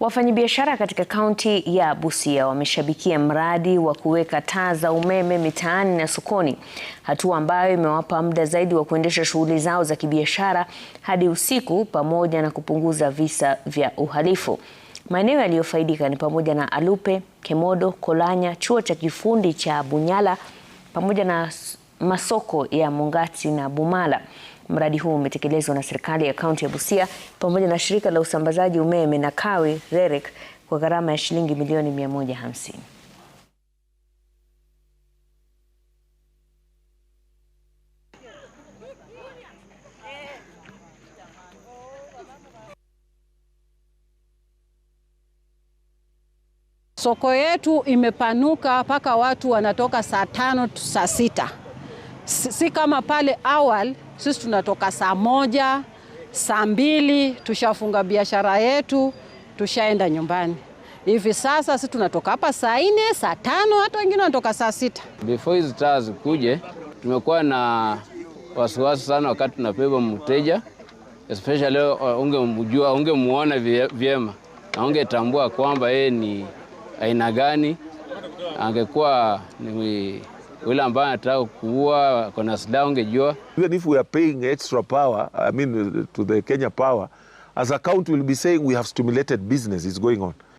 Wafanyabiashara katika kaunti ya Busia wameshabikia mradi wa kuweka taa za umeme mitaani na sokoni, hatua ambayo imewapa muda zaidi wa kuendesha shughuli zao za kibiashara hadi usiku pamoja na kupunguza visa vya uhalifu. Maeneo yaliyofaidika ni pamoja na Alupe, Kemodo, Kolanya, chuo cha kifundi cha Bunyala pamoja na masoko ya mungati na Bumala. Mradi huu umetekelezwa na serikali ya kaunti ya Busia pamoja na shirika la usambazaji umeme na kawi REREC kwa gharama ya shilingi milioni 150. Soko yetu imepanuka mpaka watu wanatoka saa tano saa sita si kama pale awali, sisi tunatoka saa moja saa mbili tushafunga biashara yetu tushaenda nyumbani. Hivi sasa sisi tunatoka hapa saa nne saa tano hata wengine wanatoka saa sita. Before hizi taa zikuje, tumekuwa na wasiwasi sana wakati tunapeba mteja, especially uh, ungemjua, ungemuona vyema na ungetambua kwamba yeye ni aina gani, angekuwa ni yule ambaye anataka kuua kona silaha ungejua. Even if we are paying extra power, I mean to the Kenya power, as a count will be saying we have stimulated business is going on.